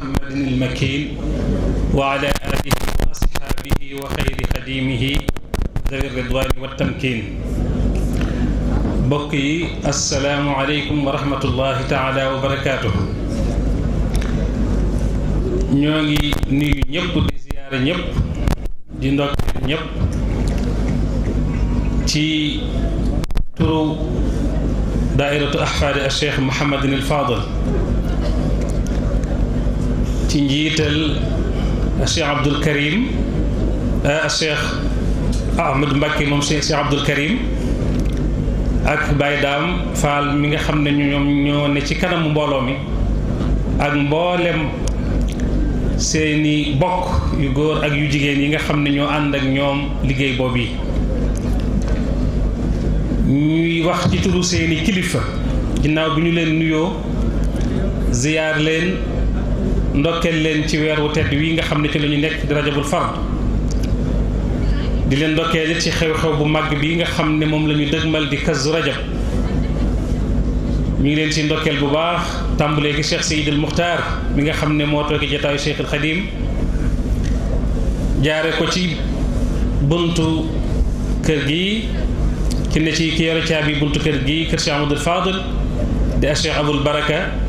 محمد المكين وعلى آله وأصحابه وخير خديمه ذوي الرضوان والتمكين بقي السلام عليكم ورحمة الله تعالى وبركاته نيوغي نيو نيب دي زيارة نيب دي نوك نيب تي ترو دائرة أحفاد الشيخ محمد الفاضل ci njiital Cheikh Abdoul Karim ah, Cheikh Ahmad Mbacke Karim ak Baye Dame Fall mi nga xam ne ñoom ñoo ne ci kanamu mbooloo mi ak mboolem seeni bokk yu góor ak yu jigéen yi nga xam ne ñoo ànd ak ñoom liggéey boobu yi ñuy wax ci turu seeni kilifa ginnaaw bi ñu leen nuyoo ziyaar leen ndokel len ci weer wu tedd wi nga xamné ci lañu nek nekk di rajabul fard di len ndokel ci xew-xew bu mag bi nga xamné mom lañu la di kazu rajab mi ngi len ci ndokel bu baax tambulé ki Cheikh sayyid al mukhtar mi nga xam ne moo toogi cheikh al khadim jaare ko ci buntu kër gi ki ne ci ki ci abi buntu kër gi Cheikh Amadou Fadil di Cheikh Abul Baraka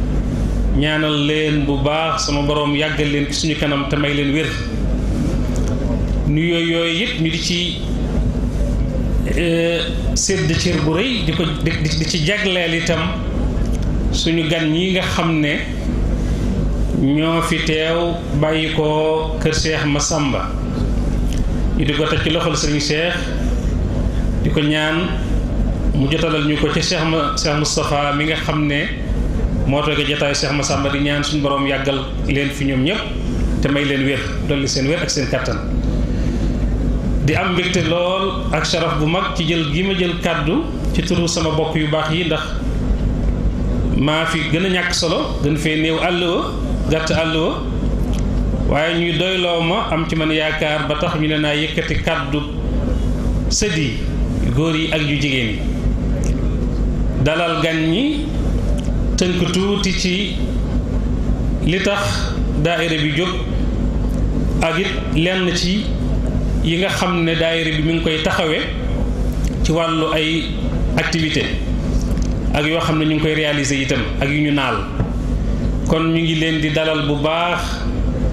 ñaanal leen bu baax sama borom yàggal leen ci suñu kanam te may leen wér nuyoo yooyu yëpp ñu di ci euh, sédd cër bu rëy di ko di ci jagleel itam suñu gan ñi nga xam ne ñoo fi teew bàyyi ko kër masamba yi di ko teg ci loxol sëriñ cheikh di ko ñaan mu jotalal ñu ko ca seex ma mustapha mi nga xam ne moo toogee jotaay Cheikh massa mbadi ñaan suñu borom yagal leen fi ñoom ñëpp te may leen wër dolli seen wër ak seen katan di am mbégte lool ak sharaf bu mag ci jël gi ma jël kaddu ci turu sama bokk yu bax yi ndax ma fi gëna ñak solo gën fe neew allo gatt allo waye ñuy doyloo ma am ci man yaakar ba tax ñu leena yëkëti kaddu sëdi goor yi ak yu jigéen dalal gan ñi tënk tuuti ci li tax daayira bi jóg ak it lenn ci yi nga xam ne daayira bi mi ngi koy taxawee ci wàllu ay activité ak yoo xam ne ñu ngi koy réaliser itam ak yu ñu naal kon ñu ngi leen di dalal bu baax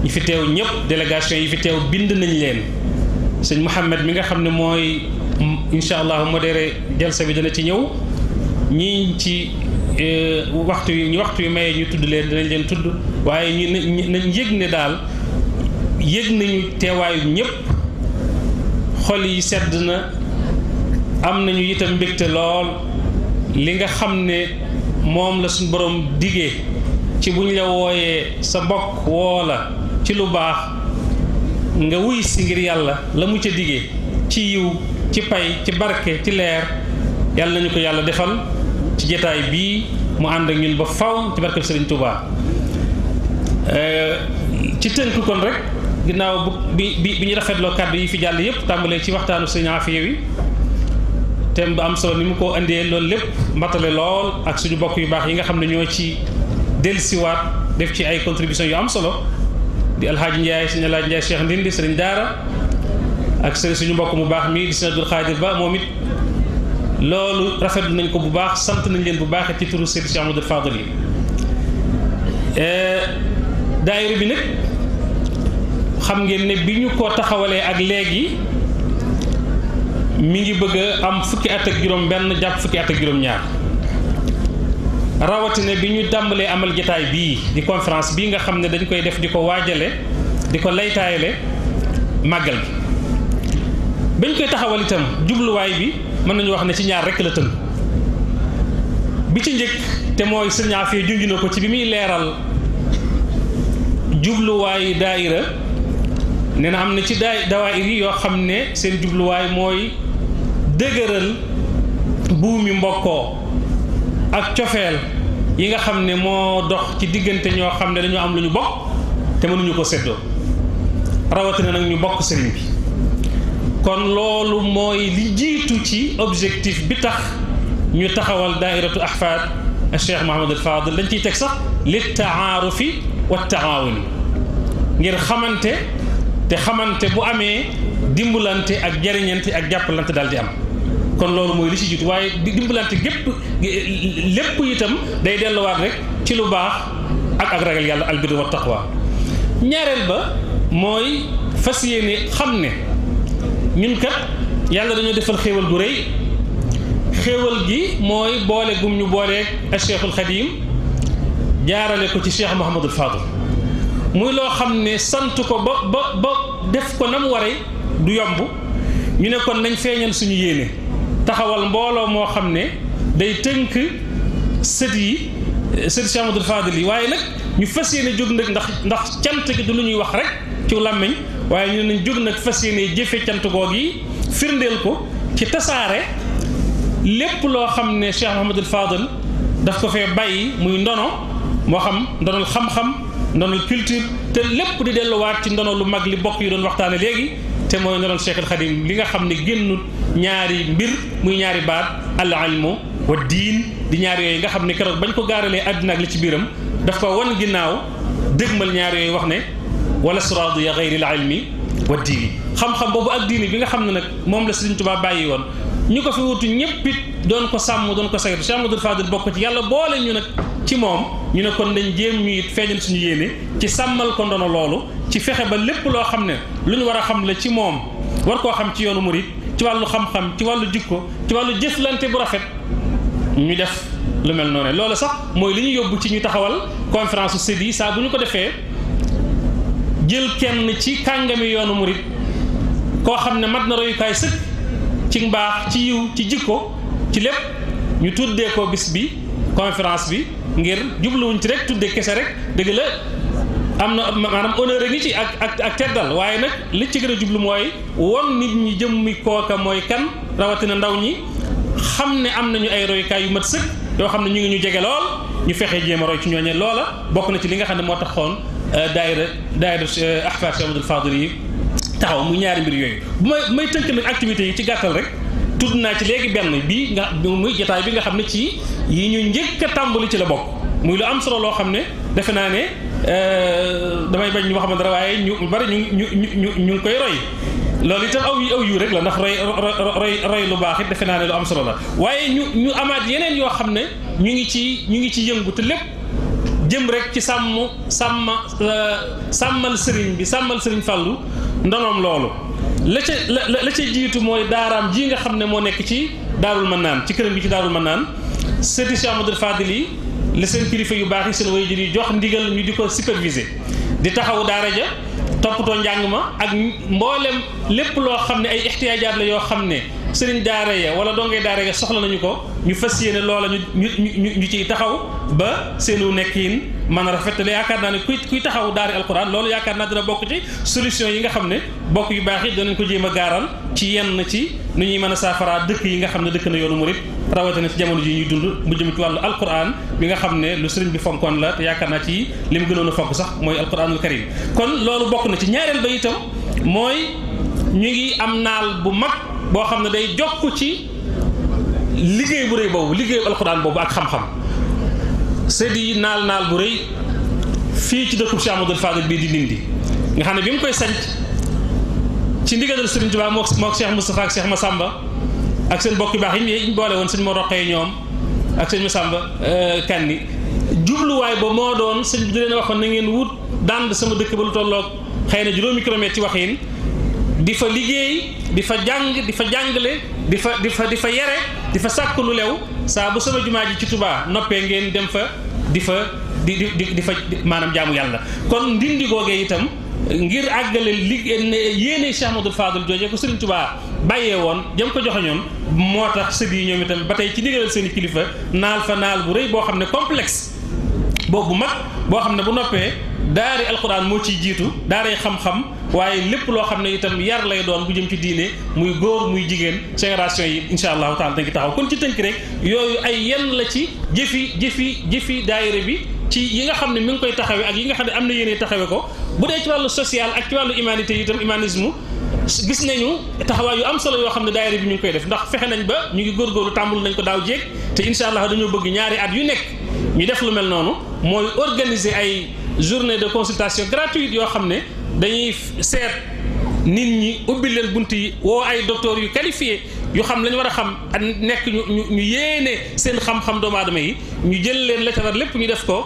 ñi fi teew ñëpp délégation yi fi teew bind nañ leen sëñ Mouhamed mi nga xam ne mooy incha allah modéré jalsa bi dana ci ñëw ñi ci Euh, waxtu yi waxtu yu mayee ñu tudd leen dinañ leen tudd waaye ñu nañ yëg ne daal yëg nañu teewaayu ñëpp xol yi sedd na am nañu itam mbégte lool li nga xam ne moom la suñu boroom diggee ci bu ñu la wooyee sa bokk woola ci lu baax nga wuy si ngir yàlla la mu diggee ci yiw ci pay ci barke ci leer yàlla nañu ko yàlla defal ci bii mu ànd ak ñun ba faw ci barkeb Serigne Touba euh, ci tënk kon rek ginnaaw bu bi bi ñu rafetloo kàddu yi fi jàll yëpp tàmbalee ci waxtaanu Serigne Afia wi thème bu am solo ni mu ko indee loolu lépp matale lool ak suñu bokk yu baax yi nga xam ne ñoo ci dellusiwaat def ci ay contribution yu am solo di alxaaji Ndiaye sëñ alxaaji Ndiaye Cheikh Ndindi sëriñ Daara ak sëriñ suñu mbokk mu baax mi di sëriñ Abdul Xaadir Ba moom it loolu rafetlu nañ ko bu baax sant nañ leen bu baax ci turu Sëriñ Cheikh Amadou Fadal yi euh, daayira bi nag xam ngeen ne bi ñu ko taxawalee ak léegi mu ngi bëgg a am fukki at ak juróom benn jàpp fukki at ak juróom ñaar rawatina bi ñu tàmbalee amal jataay bii di conférence bii nga xam ne dañ koy def di ko waajale di ko laytaayale màggal bi bañ koy taxawal itam jubluwaay bi mën nañu wax ne ci ñaar rek la tënk bi ci njëkk te mooy sëriñ Afia junj na ko ci bi muy leeral jubluwaayu daayira nee na am na ci daay dawaayir yi yoo xam ne seen jubluwaay mooy dëgëral buumi mbokkoo ak cofeel yi nga xam ne moo dox ci diggante ñoo xam ne dañoo am lu ñu bokk te mënuñu ko séddoo rawatina nag ñu bokk sëriñ bi kon loolu mooy li jiitu ci objectif bi tax ñu taxawal daairatu ahfaad cheikh Mouhamed al fadl dañ ciy teg sax li taarufi wa taawuni ngir xamante te xamante bu amee dimbulante ak jëriñante ak jàppalante daal di am kon loolu mooy li ci jiitu waaye dimbulante gépp lépp itam day delluwaat rek ci lu baax ak ak ragal yàlla albir wa taqwa ñaareel ba mooy fas yéene xam ne ñun kat yàlla dañoo defal xéewal gu rëy xéewal gi mooy boole gum ñu booleeg ak Cheikhul Xadim jaarale ko ci Cheikh Mouhamadul Fadil muy loo xam ne sant ko ba ba ba def ko nam waree du yomb ñu ne kon nañ feeñal suñu yéene taxawal mbooloo moo xam ne day tënk sët yi sët Cheikh Mouhamadul Fadil yi waaye nag ñu fas yéene jóg nag ndax ndax cant gi du lu ñuy wax rek ci làmmiñ waaye ñu nañ jóg nag fas yéene jëfe cant goog yi firndeel ko ci tasaare lépp loo xam ne Cheikh Mouhamadul Fadal daf ko fee bàyyi muy ndono moo xam ndonol xam-xam culture te lépp di delluwaat ci ndono lu mag li bokk yi doon waxtaane léegi te mooy ndonol Cheikh al Xadim li nga xam ne génnut ñaari mbir muy ñaari baat al ilmu wa diin di ñaar yooyu nga xam ne keroog bañ ko gaaralee àddina ak li ci biiram daf ko wan ginnaaw dégmal ñaari yooyu wax ne ولسراد يا غير العلمي والديني خم خم بابو الديني بيجا خم نك مم لسرين تبا بايون نيكو في وطن نيبت دون كسام دون كسير شام دون فادر بكت يلا بول نيونك تيمم نيونك كندن جيمي تفجن سنيني تسامل كندن لولو تفخر بلب لو خم نه لين ورا خم لتيمم ورا خم تيون مريد تيوالو خم خم تيوالو جيكو تيوالو جسلان تبرفت نيدف لمل نونه لولا صح مولين يوبو تيني تحول كونفرانس سيدي سابو نيكو دفه jël kenn ci kàngami yoonu murit koo xam ne mat na royukaay sëkk ci mbaax ci yiw ci jikko ci lépp ñu tuddee ko bis bi conférence bi ngir jubluwuñ ci rek tuddee kese rek dëgg la am na maanaam honneur ngi ci ak ak ak teddal waaye nag li ci gën a jublu mooy won nit ñi jëmmi kooka mooy kan rawatina ndaw ñi xam ne am nañu ay royukaay yu mat sëkk yoo xam ne ñu ngi ñu jege lool ñu fexe jéem a roy ci ñooñe loola bokk na ci li nga xam ne moo taxoon euh, daayira daayira euh, ahfaad Cheikh Amadou Fadil yi taxaw mu ñaari mbir yooyu bu may may tënk nag activités yi ci gàttal rek tudd naa ci léegi benn bi nga muy jotaay bi nga xam ne ci yi ñu njëkk a ci la bokk muy lu am solo loo xam ne defe naa ne euh, damay bañ ñu ma xam waaye ñu bari ñu ñu ñu ñu ngi koy roy loolu itam aw yu aw yu rek la ndax roy roy roy lu baax it defe naa ne lu am solo la waaye ñu ñu amaat yeneen yoo xam ne ñu ngi ci ñu ngi ci yëngu te lépp. jëm rek ci sàmm sàmm euh, sàmmal sëriñ bi sàmmal sëriñ Fallou ndonoom loolu la ca la la ca jiitu mooy daaraam ji nga xam ne moo nekk ci daarul naan ci këram bi ci daarul Manaan sëti Cheikh de Fadil yi la seen kilifa yu baax yi seen waajur yi jox ndigal ñu di ko superviser di taxawu daara ja toppatoo njàng ma ak mboolem lépp loo xam ne ay ixtiyaajaat la yoo xam ne. sëriñ daara ya wala dongee daara ya soxla nañu ko ñu fas yéene loola ñu ñu ñu ciy taxaw ba seenu nekkin man a rafet la yaakaar naa ne kuy kuy taxaw daari alquran loolu yaakaar naa dina bokk ci solution yi nga xam ne bokk yu baax yi danañ ko jéem a gaaral ci yenn ci nu ñuy mën a saafara dëkk yi nga xam ne dëkk na yoonu murit rawatina ci jamono ji ñuy dund mu jëm ci wàllu alquran bi nga xam ne lu sëriñ bi fonkoon la te yaakaar naa ci li mu gënoon a fonk sax mooy alquranul karim kon loolu bokk na ci ñaareel ba itam mooy ñu ngi am naal bu mag boo xam ne day jox ko ci liggéey bu rëy boobu liggéey alxuraan boobu ak xam-xam sedi naal naal bu rëy fii ci dëkkub Cheikh Amadou Fadil bii di Ndindi nga xam ne bi mu koy sanc ci ndigalal Serigne Touba moo moo Cheikh Moustapha ak Cheikh Massamba ak seen bokki baax yi ñu boole woon sëñ moo roqee ñoom ak sëñ Massamba euh, Kanni jubluwaay ba moo doon sëñ bi di leen waxoon na ngeen wut dand sama dëkk ba lu tolloog xëy na juróomi kilomètre ci waxin di fa liggéey di fa jàng di fa jàngale di fa di fa di fa yere di fa sàkk lu lew saa bu sama jumaa ji ci tubaa noppee ngeen dem fa di fa di di di fa maanaam jaamu yàlla kon ndindi googee itam ngir àggale liggéey yéene Cheikh Amadou Fadul jooje ko Serigne tubaa bàyyee woon jëm ko joxe ñoon moo tax sët yi ñoom itam ba tey ci ndigalal seen kilifa naal fa naal bu rëy boo xam ne complexe boobu mag boo xam ne bu noppee. daari alxuraan moo ciy jiitu daaray xam-xam waaye lépp loo xam ne itam yar lay doon bu jëm ci diine muy góor muy jigéen génération yi incha allahu taala dañ ci taxaw kon ci tënk rek yooyu ay yenn la ci jëfi jëfi jëfi daayira bi ci yi nga xam ne mi ngi koy taxawee ak yi nga xam ne am na yéene taxawee ko bu dee ci wàllu social ak ci wàllu humanité yi itam humanisme gis nañu taxawaay yu am solo yoo xam ne daayira bi mi ngi koy def ndax fexe nañ ba ñu ngi góorgóorlu tàmbul nañ ko daaw jéeg te incha allah dañoo bëgg ñaari at yu nekk ñu def lu mel noonu mooy organiser ay journée de consultation gratuite yoo xam ne dañuy seet nit ñi ubbi leen bunt yi woo ay docteurs yu qualifié yu xam la ñu war a xam ak nekk ñu ñu ñu yéene seen xam-xam doomu aadama yi ñu jël leen la lépp ñu def ko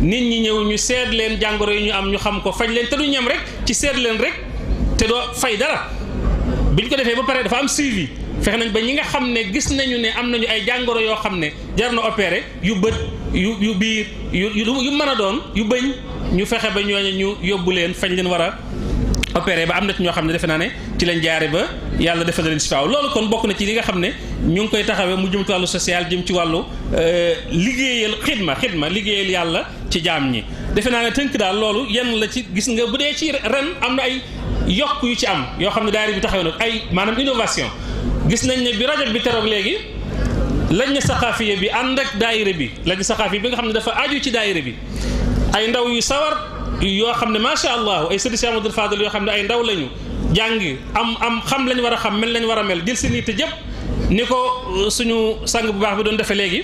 nit ñi ñëw ñu seet leen jàngoro yi ñu am ñu xam ko faj leen te du ñam rek ci seet leen rek te doo fay dara bi ñu ko defee ba pare dafa am suivi fexe nañ ba ñi nga xam ne gis nañu ne am nañu ay jàngoro yoo xam ne jar na opéré yu bët. yu yu biir yu yu man a doon yu bëñ ñu fexe ba ñooñu ñu yóbbu leen fañ leen war a opéré ba am na ci ñoo xam ne defe naa ne ci lañ jaare ba yàlla defal leen si faaw loolu kon bokk na ci li nga xam ne ñu ngi koy taxawee mu jëm ci wàllu social jëm ci wàllu euh, liggéeyal xidma xidma liggéeyal yàlla ci jaam ñi defe naa ne tënk daal loolu yenn la ci gis nga bu dee ci ren am na ay yokk yu ci am yoo xam ne daari bi taxawee nag ay maanaam innovation gis nañ ne bi rajab bi teroog léegi lañ saxaafiya bi ànd ak daayira bi lañ saxaafiya bi nga xam ne dafa aju ci daayira bi ay ndaw yu sawar yoo xam ne macha allah ay sëriñ si Amadou Fadal yoo xam ne ay ndaw lañu jàngi am am xam lañ war a xam mel lañ war a mel jël seen yitte jëpp ni ko uh, suñu sang bu baax bi doon defee léegi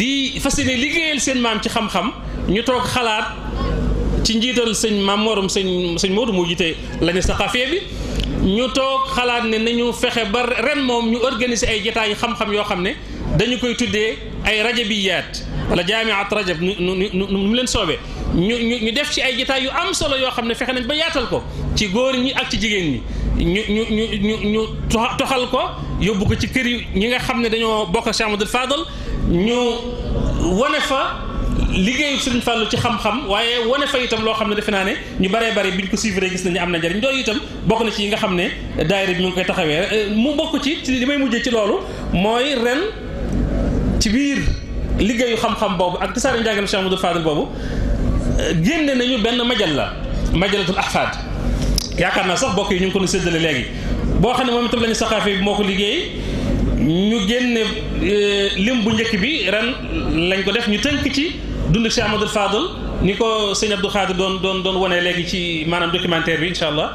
di fas yéene liggéeyal seen maam ci xam-xam ñu toog xalaat ci njiital sëñ maam morom sëñ sëñ Modou moo jiite lañu saxaafiya bi. ñu toog xalaat ne nañu fexe ba ren moom ñu organiser ay jataay xam-xam yoo xam ne dañu koy tuddee ay rajabiyaat wala jaamiat rajab nu nu mu leen soobee ñu ñu ñu def ci ay jataay yu am solo yoo xam ne fexe nañ ba yaatal ko ci góor ñi ak ci jigéen ñi ñu ñu ñu ñu ñu toxal ko yóbbu ko ci kër yi ñi nga xam ne dañoo bokk Cheikh Amadou Fadal ñu wane fa liggéeyu Sëriñ Fàllu ci xam-xam waaye wane fa itam loo xam ne defe naa ne ñu baree bari biñ ko suivre gis nañu am na njariñ loolu itam bokk na ci yi nga xam ne daayira bi mu ngi koy taxawee euh, mu bokk ci ci li may mujjee ci loolu mooy ren ci biir liggéeyu xam-xam boobu ak tasaare njàngam Cheikh Amadou Fadil boobu euh, génne nañu benn majal la majalatul ahfad yaakaar naa sax bokk yi ñu ngi ko nu léegi boo xam ne moom itam lañu saxaafe bi moo ko liggéey ñu génne euh, lim bu njëkk bi ren lañ ko def ñu tënk ci dund Cheikh Amadou Fadil ni ko sëñ Abdou Khadir doon doon doon wane léegi ci maanaam documentaire bi incha allah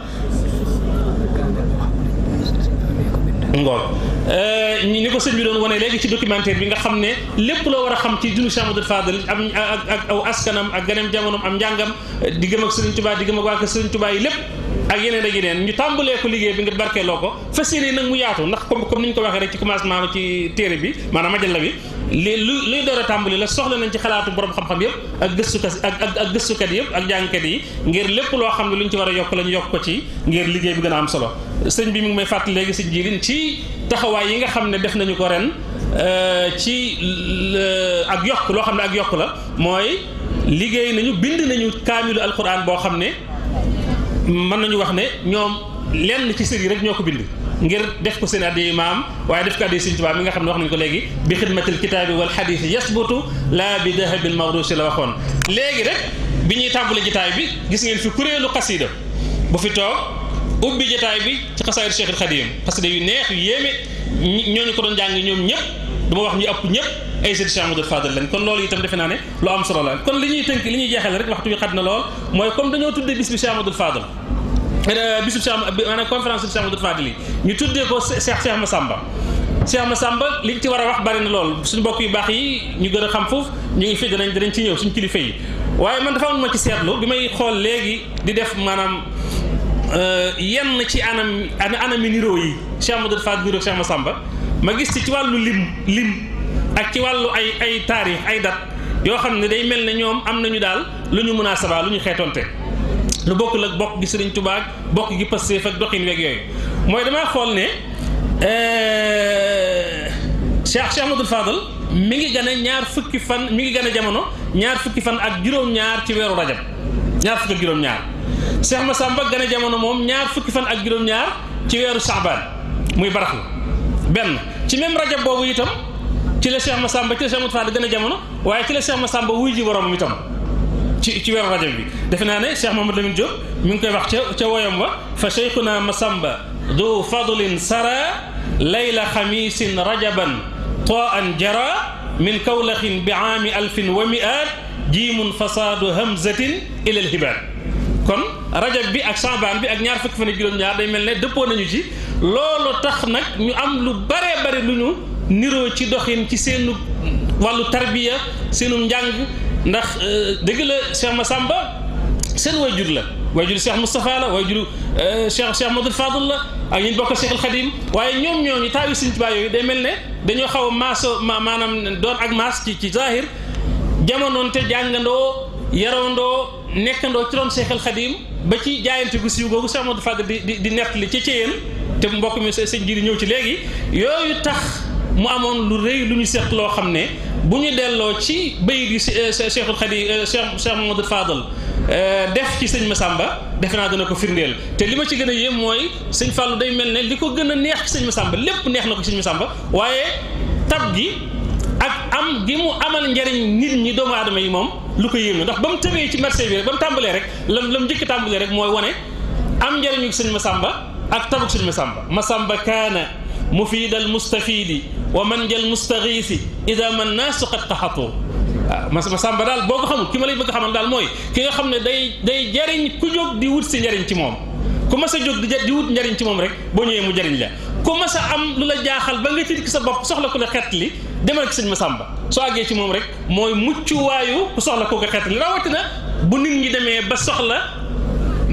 ngoog euh, ni ko sëñ bi doon wane léegi ci documentaire bi nga xam ne lépp loo war a xam ci dund Cheikh am ak aw askanam am njàngam di gëm ak Sëriñ Tuubaa di gëm ak waa kër Sëriñ Tuubaa yi lépp ak yeneen ak yeneen bi nga barkeeloo ko fas yéene nag mu yaatu ndax comme comme ni ñu ci commencement ci téere bi maanaam ajalla bi li lu luy a tàmbali la soxla nañ ci xam-xam yëpp ak gëstukat ak ak gëstukat ak jàngkat yi ngir lépp loo xam ne lu ñu ci war a yokk la ñu yokk ko ci ngir liggéey bi gën a am solo sëñ bi mu ngi may fàttali léegi sëñ jirin ci taxawaay yi nga xam ne def nañu ko ren euh, ci euh, ak yokk loo xam ne ak yokk la mooy liggéey nañu bind nañu kaamilu alquran boo xam ne mën nañu wax ne ñoom lenn ci sër yi rek ñoo ko bind ngir def ko seen addi maam waaye def ko addi Sëriñ Tuubaa mi nga xam ne wax nañu ko léegi bi xidmatil kitaabi wal xadiis yasbutu laa bi dahabil mawruusi la waxoon léegi rek bi ñuy tàmbali jitaay bi gis ngeen fi kuréelu xasiida ubbi jotaay bi ci xasaayu Cheikh al Xadim xasida yu neex yu yéeme ñooñu ko doon jàng ñoom ñëpp du ma wax ñu ëpp ñëpp ay sëriñ Cheikh Amadou Fadal lañ kon loolu itam li ñu tuddee ko Cheikh Cheikh Massamba Cheikh ci war a wax bari na lool suñu bokk yu baax yi ñu gën a xam foofu ñu ngi fi danañ danañ ci ñëw suñu kilifa yi waaye man dafa am ma ci seetlu bi may xool léegi di def maanaam Euh, yenn ci anam anami niroo yi Cheikh Amadou Fat niroo Cheikh Massamba ma gis ci ci wàllu lim lim ak ci wàllu ay ay taarix ay dat yoo xam ne day mel na ñoom am nañu daal lu ñu munaasaba lu ñu xeetonte lu bokkul ak bokk gi si Tuubaa ak bokk gi Pastef ak doxin weeg yooyu mooy damaa xool ne euh, Cheikh Cheikh Amadou Fadal mi ngi gën a ñaar fukki fan mi ngi gën a jamono ñaar fukki fan ak juróom-ñaar ci weeru rajab ñaar fukki ak juróom-ñaar cheikh massamba gane jamono moom ñaar fukki fan ak juróom ñaar ci weeru saxbaan muy baraxlu benn ci même rajab boobu itam ci la cheikh massamba ci la cheikh mutfaa gane jamono waaye ci la cheikh massamba wuy ji borom itam ci ci weeru rajab bi defe naa ne cheikh mamadou lamine diop mi ngi koy wax ca ca woyam wa fa cheikhuna massamba du fadlin sara ليلة خميس رجبا طاء جرى من كولخ بعام ألف ومئات جيم فصاد همزة إلى الهبات كن rajab bi ak sambaan bi ak ñaar fukki fan ak juróom-ñaar day mel ne dëppoo nañu ci loolu tax nag ñu am lu bare bari lu ñu niroo ci doxin ci seenu wàllu tarbiya seenu njàng ndax euh, dëgg la Cheikh Massamba seen wayjur la wayjur Cheikh Moustapha la wayjur euh, Cheikh Cheikh Madou Fadl la ak ñun bokk Cheikh al Khadim waaye ñoom ñooñu taawi Sëriñ Tuubaa yooyu day mel ne dañoo xaw a maaso maanaam doon ak maas ci ci zahir jamonoon te jàngandoo yarandoo nekkandoo ci doon Cheikh al Xadim ba ci jaayante gu siiw googu Cheikh Amadou Fadl di di di nettali ca Ceyeen te mbokk mi sëñ ji di ñëw ci léegi yooyu tax mu amoon lu lu ñu seq loo xam ne bu ñu delloo ci bayit yi Cheikhul Xadim Cheikh Cheikh Mamadou Fadl eh, def ci sëñ Massamba defe naa dana ko firndeel te li ma ci gën a yéem mooy sëñ Fallou day mel ne li ko gën a neex ci sëñ Massamba lépp neex na ko ci sëñ Massamba waaye tab gi. ak am gi mu amal njariñ nit ñi doomu aadama yi moom lu ko yéem na ndax ba mu tëbee ci marché bi rek ba mu tàmbalee rek lam lam njëkk tàmbalee rek mooy wane am njariñu sëñ Masamba ak tabuk sëñ Masamba Masamba kaana mufidal mustafidi wa man jal mustaxiisi ida man naasu qad taxatu waaw Masamba daal boo ko xamul ki ma lay bëgg xamal daal mooy ki nga xam ne day day jariñ ku jóg di wut si njariñ ci moom ku mas a jóg di di wut njariñ ci moom rek boo ñëwee mu jariñ la ku mas a am lu la jaaxal ba nga tiit sa bopp soxla ku la xet li demal ci sëñ Masamba soo àggee ci moom rek mooy muccuwaayu ku soxla kooku xeet li na bu nit ñi demee ba soxla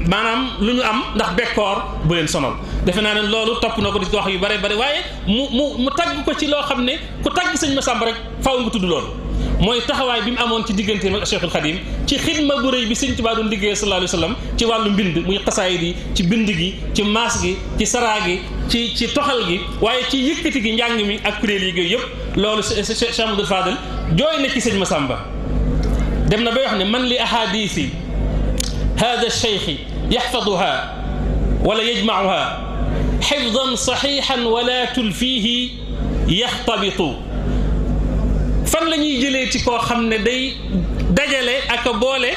maanaam lu ñu am ndax bekkoor bu leen sonal defe naa ne loolu topp na ko di wax yu bare bare waaye mu mu mu tagg ko ci loo xam ne ku tagg sëñ Masamba rek faaw nga tudd loolu mooy taxawaay bi mu amoon ci digganteem ak Cheikhul Khadim ci xidma bu rëy bi sëñ Tuubaa doon liggéey sallallahu alayhi wa sallam ci wàllu mbind muy xasaayid yi ci bind gi ci maas gi ci saraa gi ci ci toxal gi waye ci yëkkati gi njàng mi ak kurel yi yooyu yëpp loolu Cheikh Amadou Fadal jooy na ci seigne Masamba dem na bay wax ne man li ahadisi hada cheikhi yahfadha wala yajmacuha xifdan saxixan wala tulfiihi yaxtabitu fan la ñuy jëlee ci koo xam ne day dajale ak a boole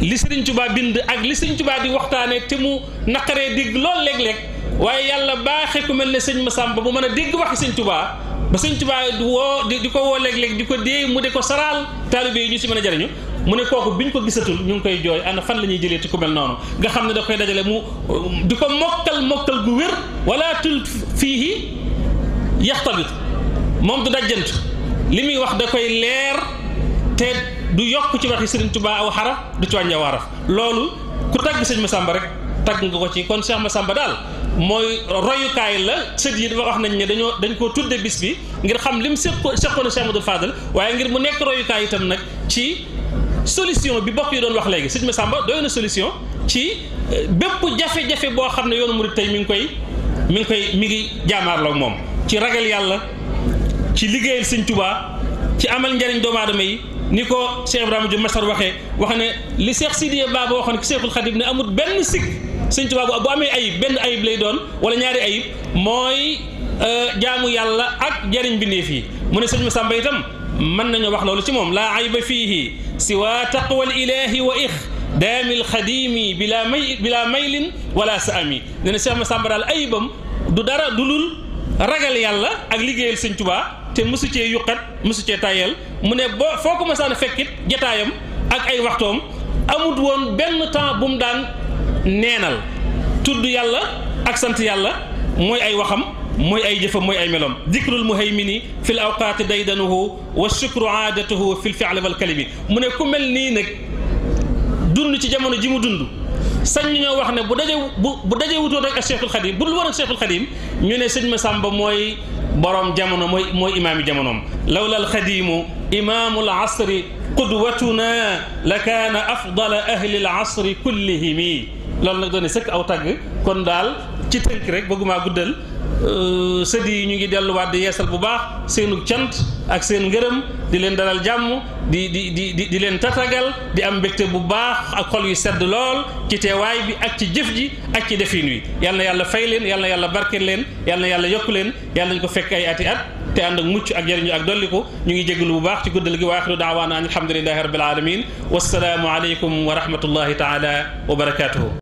li Sëriñ Tuubaa bind ak li Sëriñ Tuubaa di waxtaane te mu naqaree digg lool léeg-léeg waaye yàlla baaxee ku mel ne sëñ Masamba bu mën a dégg waxi sëñ Touba ba sëñ Touba du woo di ko woo léeg-léeg di ko dee mu de ko saraal taalibe yi ñu si mën a jariñu mu ne kooku bi ñu ko gisatul ñu ngi koy jooy ana fan la ñuy jëlee ci ku mel noonu nga xam ne da koy dajale mu wér wala tul fii yaxtabit moom du dajjant li muy wax da koy leer te du yokk ci waxi sëriñ Touba aw xara du ci wàññi aw araf loolu ku tagg sëñ Masamba rek tagg ko ci kon Cheikh Masamba daal. mooy royukaay la sët yi dafa wax nañ ne dañoo dañ koo tudd bis bi ngir xam lim seqo seqoon Cheikh Amadou Fadal waaye ngir mu nekk royukaay itam nag ci solution bi bokk doon wax léegi sëñ Massamba doy na solution ci euh, bépp jafe-jafe boo xam ne yoonu murid tey mi ngi koy mi ngi koy mi ngi jaamaarloo moom ci ragal yàlla ci liggéeyal sëñ Tuubaa ci amal njariñ doomu aadama yi ni ko Cheikh Ibrahima Diouf Massar waxee wax ne li Cheikh Sidiya Baba waxoon ki Cheikhul Khadim ne amul benn sikk sëñ Tuubaa bu amee ayib benn ayib lay doon wala ñaari ayib mooy euh, jaamu yàlla ak jariñ mbindéef fii mu ne sëñ Masamba itam mën nañu wax loolu ci moom laa ayba fiihi siwa taqwa ilaahi wa ix daamil xadiimi bila may bila maylin wala saami nee na Cheikh Masamba daal ayibam du dara du lul ragal yàlla ak liggéeyal sëñ te mosu cee yuqat mosu cee tayal mu ne foo ko masaan fekkit jataayam ak ay waxtoom amut woon benn temps bu mu daan neenal tudd yàlla ak sant yàlla mooy ay waxam mooy ay jëfam mooy ay melom dikrul muhaymini fil awqaati daydanuhu wa shukru aadatuhu fil fi'li wal kalimi mu ne ku mel nii nag dund ci jamono ji mu dund sañ ñoo wax ne bu daje bu bu daje wutoon ak cheikhul xadim bu dul woon ak cheikhul xadim ñu ne sëñ Masamba mooy borom jamono mooy mooy imaami jamonoom lawla al xadimu imaamul asri qudwatuna la kaana afdala ahli al asri kullihimi loolu nag doone sëkk aw tagg kon daal ci tënk rek bëggumaa guddal euh, sëdi yi ñu ngi delluwaat di yeesal bu baax seenu cant ak seen ngërëm di leen dalal jàmm di di di di di leen tatagal di am mbégte bu baax ak xol yu sedd lool ci waay bi ak ci jëf ji ak ci defin wi yal na yàlla fay leen yal na yàlla barkeel leen yal na yàlla yokk leen yal nañ ko fekk ay ati at te ànd ak mucc ak jëriñu ak dolliku ñu ngi jégalu bu baax ci guddal gi wa axiru daawaana an alhamdulillahi rabbil alamin wassalaamu aleykum wa rahmatullahi taala wa barakatuhu